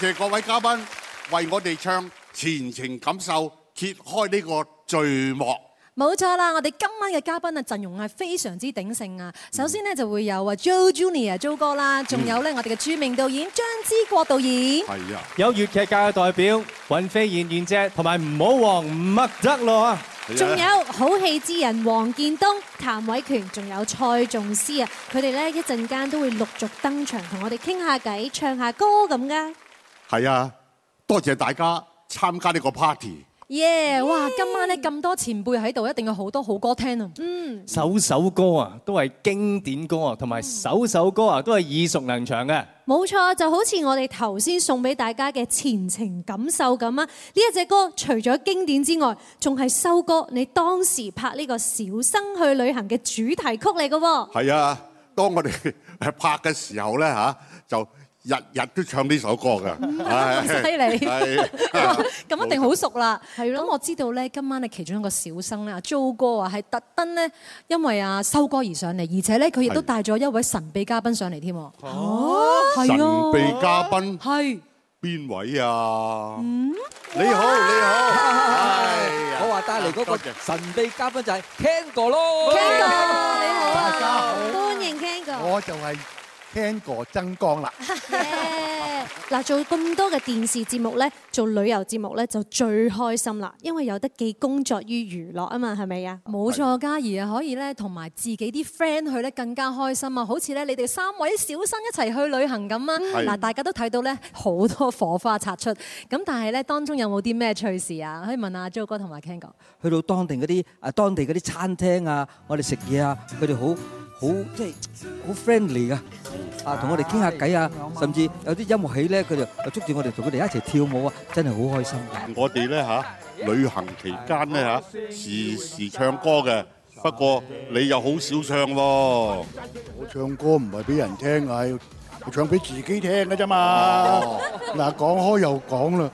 謝各位嘉賓為我哋唱前情感受，揭開呢個序幕。冇錯啦，我哋今晚嘅嘉賓嘅陣容係非常之鼎盛啊！首先呢，就會有啊 Joe Junior Joe 哥啦，仲有咧我哋嘅著名導演張之珏導演。係啊，有粵劇界嘅代表尹飛燕、燕姐，同埋唔好華、舞王麥德羅啊。仲有好戲之人黃建東、譚偉權，仲有蔡頌思啊！佢哋咧一陣間都會陸續登場，同我哋傾下偈、唱下歌咁㗎。係啊，多謝大家參加呢個 party。耶、yeah！哇，今晚咧咁多前輩喺度，一定有好多好歌聽啊。嗯，首首歌啊都係經典歌啊，同埋首首歌啊都係耳熟能詳嘅。冇錯，就好似我哋頭先送俾大家嘅前程感受咁啊。呢一隻歌除咗經典之外，仲係修哥你當時拍呢個小生去旅行嘅主題曲嚟嘅喎。係啊，當我哋拍嘅時候咧，吓就。日日都唱呢首歌㗎，犀、嗯、利，咁、嗯、一定好熟啦，係咯。我知道咧，今晚咧其中一個小生呢，Jo 哥啊，係特登咧，因為啊修哥而上嚟，而且咧佢亦都帶咗一位神秘嘉賓上嚟添。哦，神秘嘉賓，係邊位啊、嗯？你好，你好，你好你好，我話帶嚟嗰個神秘嘉賓就係 Ken 哥咯。Ken 哥，你好，大家好，歡迎 Ken 哥。我就係、是。聽過爭光啦？嗱，做咁多嘅電視節目咧，做旅遊節目咧就最開心啦，因為有得寓工作於娛樂啊嘛，係咪啊？冇錯，嘉怡啊，以可以咧同埋自己啲 friend 去咧更加開心啊，好似咧你哋三位小生一齊去旅行咁啊！嗱，大家都睇到咧好多火花擦出，咁但係咧當中有冇啲咩趣事啊？可以問阿 Joe 哥同埋 Ken 哥。去到當地嗰啲啊，當地嗰啲餐廳啊，我哋食嘢啊，佢哋好。好即係好 friendly 噶，啊同我哋傾下偈啊，甚至有啲音樂起咧，佢就捉住我哋同佢哋一齊跳舞啊，真係好開心我呢。我哋咧嚇旅行期間咧嚇時時唱歌嘅，不過你又好少唱喎，我唱歌唔係俾人聽啊，要唱俾自己聽嘅啫嘛。嗱講開又講啦，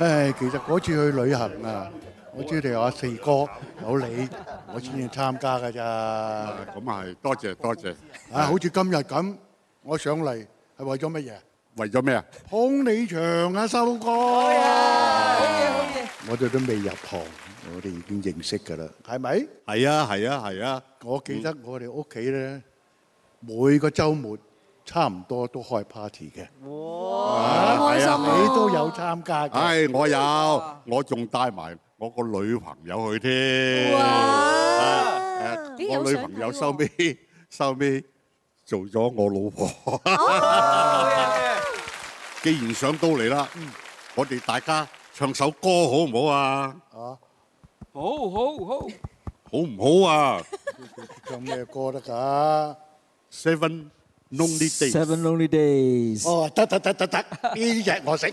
唉，其實嗰次去旅行啊。我知你有阿四哥有你，我先至參加㗎咋。咁啊係，多謝多謝。啊，好似今日咁，我上嚟係為咗乜嘢？為咗咩啊？捧你場啊，修哥！我哋都未入行，我哋已經認識㗎喇，係咪？係啊，係啊，係啊！我記得我哋屋企咧，每個週末差唔多都開 party 嘅。哇！開心你都有參加嘅。係，我有，我仲帶埋。我個女朋友去添，我女朋友收尾收尾做咗我老婆。既然上到嚟啦，我哋大家唱首歌好唔好啊？啊，好，好，好，好唔好啊？唱咩歌得噶？Seven Lonely Days。Seven Lonely Days。哦，得得得得得，呢隻我識。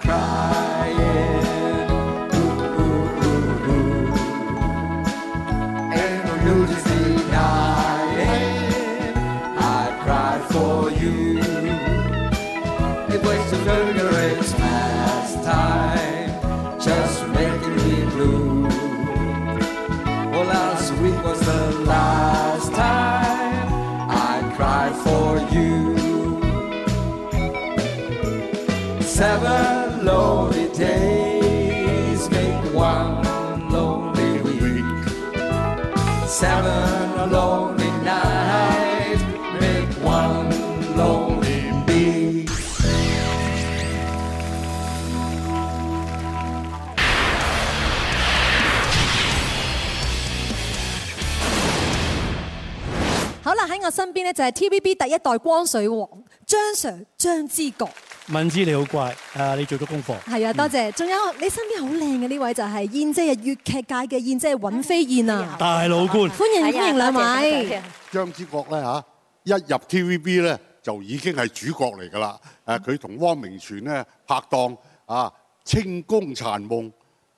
呢就係、是、TVB 第一代光水王張 Sir 張之珏，敏之你好乖誒你做咗功課，係啊多謝，仲、嗯、有你身邊好靚嘅呢位就係燕姐，係粵劇界嘅燕姐尹飛燕啊，大、哎哎哎、老倌，哎哎、歡迎歡迎兩位、哎謝謝謝謝，張之珏咧吓一入 TVB 咧就已經係主角嚟噶啦，誒佢同汪明荃咧拍檔啊《清宮殘夢》。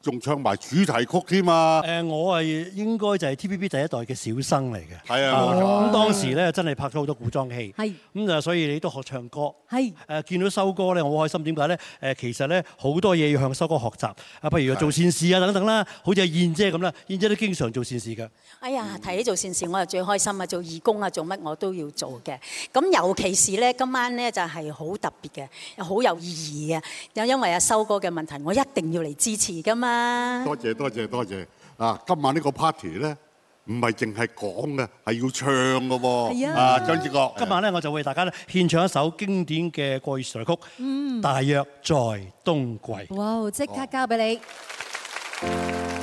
仲唱埋主題曲添啊！誒，我係應該就係 TVB 第一代嘅小生嚟嘅。係啊，咁當時咧真係拍咗好多古裝戲。係咁就所以你都學唱歌。係誒，見到修哥咧，我好開心。點解咧？誒，其實咧好多嘢要向修哥學習啊，譬如做善事啊等等啦，好似阿燕姐咁啦，燕姐都經常做善事㗎。哎呀，提起做善事，我就最開心啊！做義工啊，做乜我都要做嘅。咁尤其是咧，今晚咧就係好特別嘅，又好有意義嘅。又因為阿修哥嘅問題，我一定要嚟支持㗎嘛。多謝多謝多謝啊！今晚呢個 party 咧，唔係淨係講嘅，係要唱嘅喎。係啊！啊，張之珏，今晚咧我就為大家咧獻唱一首經典嘅國語時代曲，嗯，《大約在冬季》。哇！即刻交俾你。哦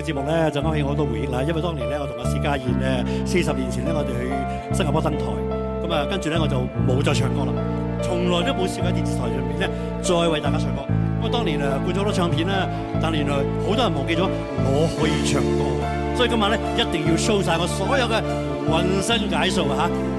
嘅節目咧就勾起我好多回憶啦，因為當年咧我同阿施家燕咧四十年前咧我哋去新加坡登台，咁啊跟住咧我就冇再唱歌啦，從來都冇試過喺電視台上面咧再為大家唱歌。咁啊當年啊灌咗好多唱片啦，但原來好多人忘記咗我可以唱歌，所以今晚咧一定要 show 晒我所有嘅渾身解數嚇。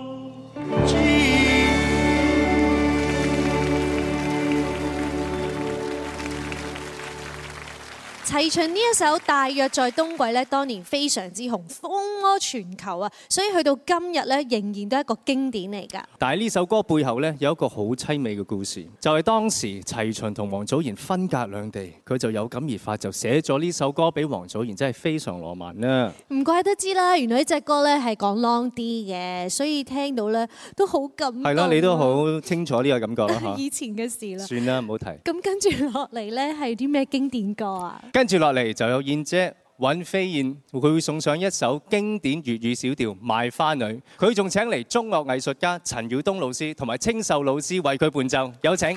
齊秦呢一首《大約在冬季》咧，當年非常之紅，風靡全球啊！所以去到今日呢，仍然都係一個經典嚟噶。但係呢首歌背後呢，有一個好凄美嘅故事，就係當時齊秦同王祖賢分隔兩地，佢就有感而發就寫咗呢首歌俾王祖賢，真係非常浪漫啦。唔怪得之啦，原來呢隻歌呢係講 long 啲嘅，所以聽到呢都好感動啊。係啦，你都好清楚呢個感覺啦。 以前嘅事啦。算啦，唔好提。咁跟住落嚟呢，係啲咩經典歌啊？跟住落嚟就有燕姐尹飛燕，佢會送上一首經典粵語小調《賣花女》。佢仲請嚟中樂藝術家陳曉東老師同埋清秀老師為佢伴奏，有請。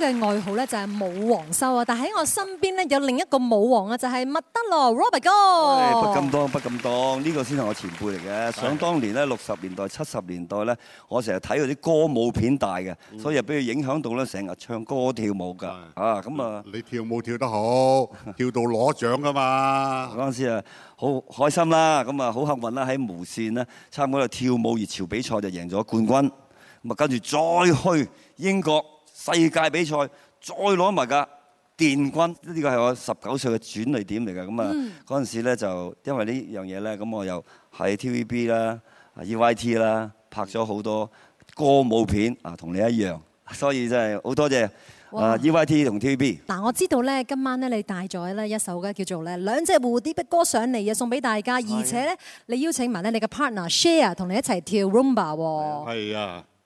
嘅愛好咧就係舞王修啊！但喺我身邊咧有另一個舞王啊，就係麥德羅 Robert 哥。不敢當，不敢當，呢個先係我前輩嚟嘅。想當年咧，六十年代、七十年代咧，我成日睇佢啲歌舞片大嘅，所以又俾佢影響到咧，成日唱歌跳舞噶啊！咁啊，你跳舞跳得好，跳到攞獎噶嘛？嗰陣時啊，好開心啦！咁啊，好幸運啦，喺無線咧參加個跳舞熱潮比賽就贏咗冠軍。咁啊，跟住再去英國。世界比賽再攞埋噶殿軍，呢個係我十九歲嘅轉捩點嚟㗎。咁啊，嗰陣時咧就因為呢樣嘢咧，咁我又喺 TVB 啦、嗯、EYT 啦拍咗好多歌舞片啊，同你一樣，所以真係好多謝啊 EYT 同 TVB。嗱，我知道咧，今晚咧你帶咗咧一首嘅叫做咧《兩隻蝴蝶嘅歌》上嚟啊，送俾大家。而且咧，你邀請埋咧你嘅 partner share 同你一齊跳 Rumba 喎。係啊！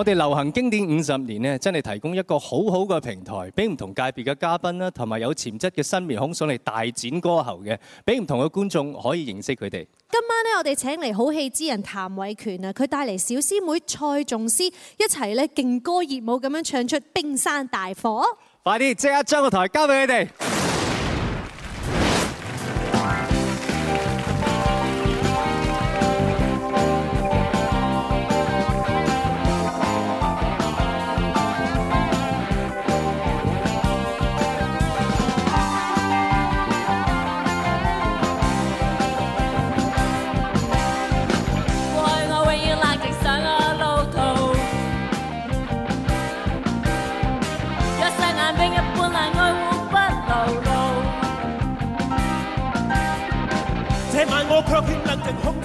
我哋流行經典五十年咧，真係提供一個好好嘅平台，俾唔同界別嘅嘉賓啦，同埋有潛質嘅新面孔上嚟大展歌喉嘅，俾唔同嘅觀眾可以認識佢哋。今晚呢，我哋請嚟好戲之人譚偉權啊，佢帶嚟小師妹蔡頌思一齊咧勁歌熱舞咁樣唱出冰山大火。快啲即刻將個台交俾佢哋！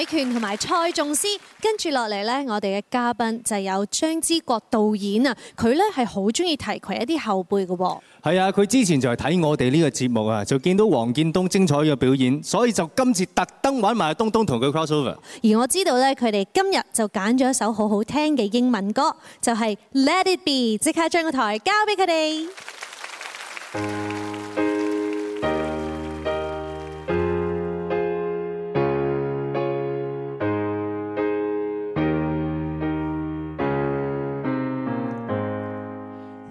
偉權同埋蔡頌思，跟住落嚟呢，我哋嘅嘉賓就有張之珏導演啊，佢呢係好中意提携一啲後輩嘅。係啊，佢之前就係睇我哋呢個節目啊，就見到黃建東精彩嘅表演，所以就今次特登揾埋東東同佢 crossover。而我知道呢，佢哋今日就揀咗一首好好聽嘅英文歌，就係、是、Let It Be，即刻將個台交俾佢哋。嗯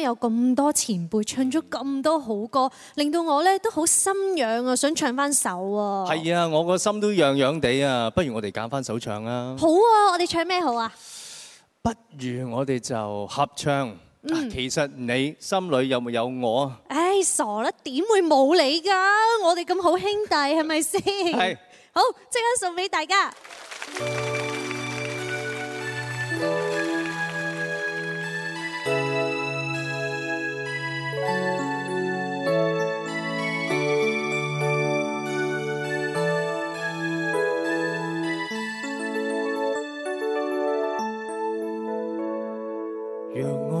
有咁多前輩唱咗咁多好歌，令到我咧都好心癢啊，想唱翻首啊！係啊，我個心都癢癢地啊，不如我哋揀翻首唱啊。好啊，我哋唱咩好啊？不如我哋就合唱。其實你心裏有冇有我？唉，傻啦，點會冇你噶？我哋咁好兄弟，係咪先？係。好，即刻送俾大家。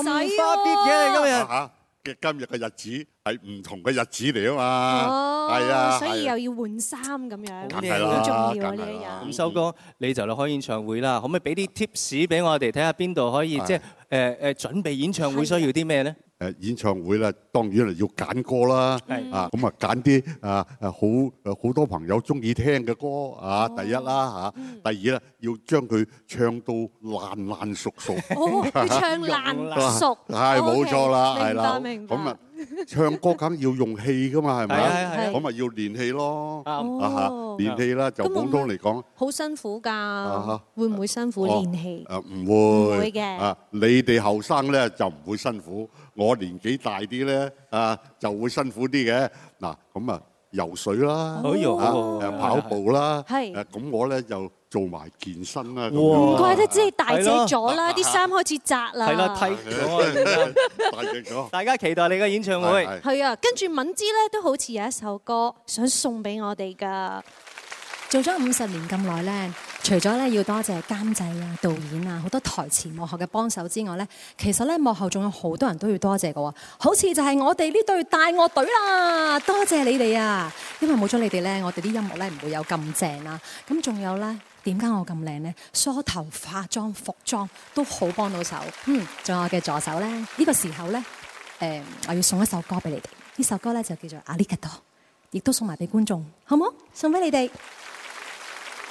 唔、啊、花啲嘅今日嚇嘅今日嘅日子係唔同嘅日子嚟啊嘛，係、哦、啊，所以又要換衫咁樣，好、啊啊、重要、啊。意我嘅咁修哥，你就嚟開演唱會啦、嗯，可唔可以俾啲 tips 俾我哋睇下邊度可以即係誒誒準備演唱會需要啲咩咧？誒演唱會咧，當然係要揀歌啦，啊咁啊揀啲啊啊好好多朋友中意聽嘅歌啊，第一啦嚇，第二咧要將佢唱到爛爛熟熟，哦，要唱爛熟，係冇錯啦，係啦，咁啊唱歌梗要用氣㗎嘛，係咪？咁啊要練氣咯，啱啊嚇，練氣啦，就廣東嚟講，好辛苦㗎，會唔會辛苦練氣？誒唔會，唔會嘅，啊你哋後生咧就唔會辛苦。我年紀大啲咧，啊就會辛苦啲嘅。嗱咁啊，游水啦，啊跑步啦，誒咁我咧又做埋健身啦。唔怪得，即係大隻咗啦，啲衫開始窄啦。係啦，睇大隻咗。大家期待你嘅演唱會。係啊，跟住敏之咧都好似有一首歌想送俾我哋噶，做咗五十年咁耐咧。除咗咧要多謝監製啊、導演啊、好多台前幕後嘅幫手之外咧，其實咧幕後仲有好多人都要多謝嘅喎，好似就係我哋呢隊大樂隊啦，多謝你哋啊！因為冇咗你哋咧，我哋啲音樂咧唔會有咁正啦。咁仲有咧，點解我咁靚咧？梳頭、化妝、服裝都好幫到手。嗯，仲有我嘅助手咧，呢個時候咧，誒，我要送一首歌俾你哋。呢首歌咧就叫做《阿列吉多》，亦都送埋俾觀眾，好冇？送俾你哋。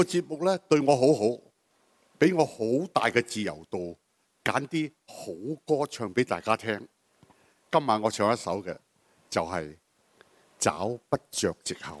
這個節目咧對我好好，俾我好大嘅自由度，揀啲好歌唱俾大家聽。今晚我唱一首嘅就係，是《找不着藉口》。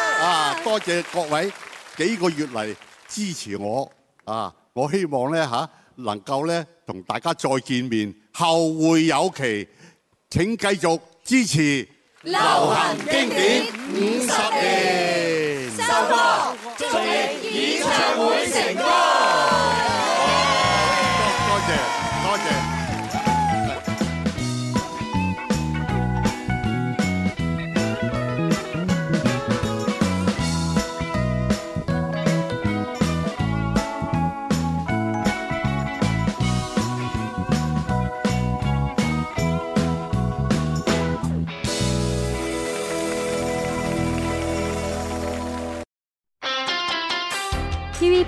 啊！多謝各位幾個月嚟，支持我啊！我希望咧吓能夠咧，同大家再見面，後會有期。請繼續支持流行經典五十年，年收工。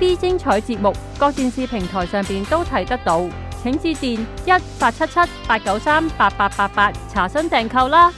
啲精彩節目，各電視平台上邊都睇得到，請致電一八七七八九三八八八八查詢訂購啦。